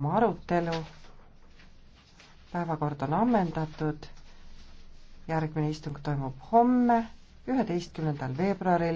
oma arutelu. päevakord on ammendatud. järgmine istung toimub homme, üheteistkümnendal veebruaril.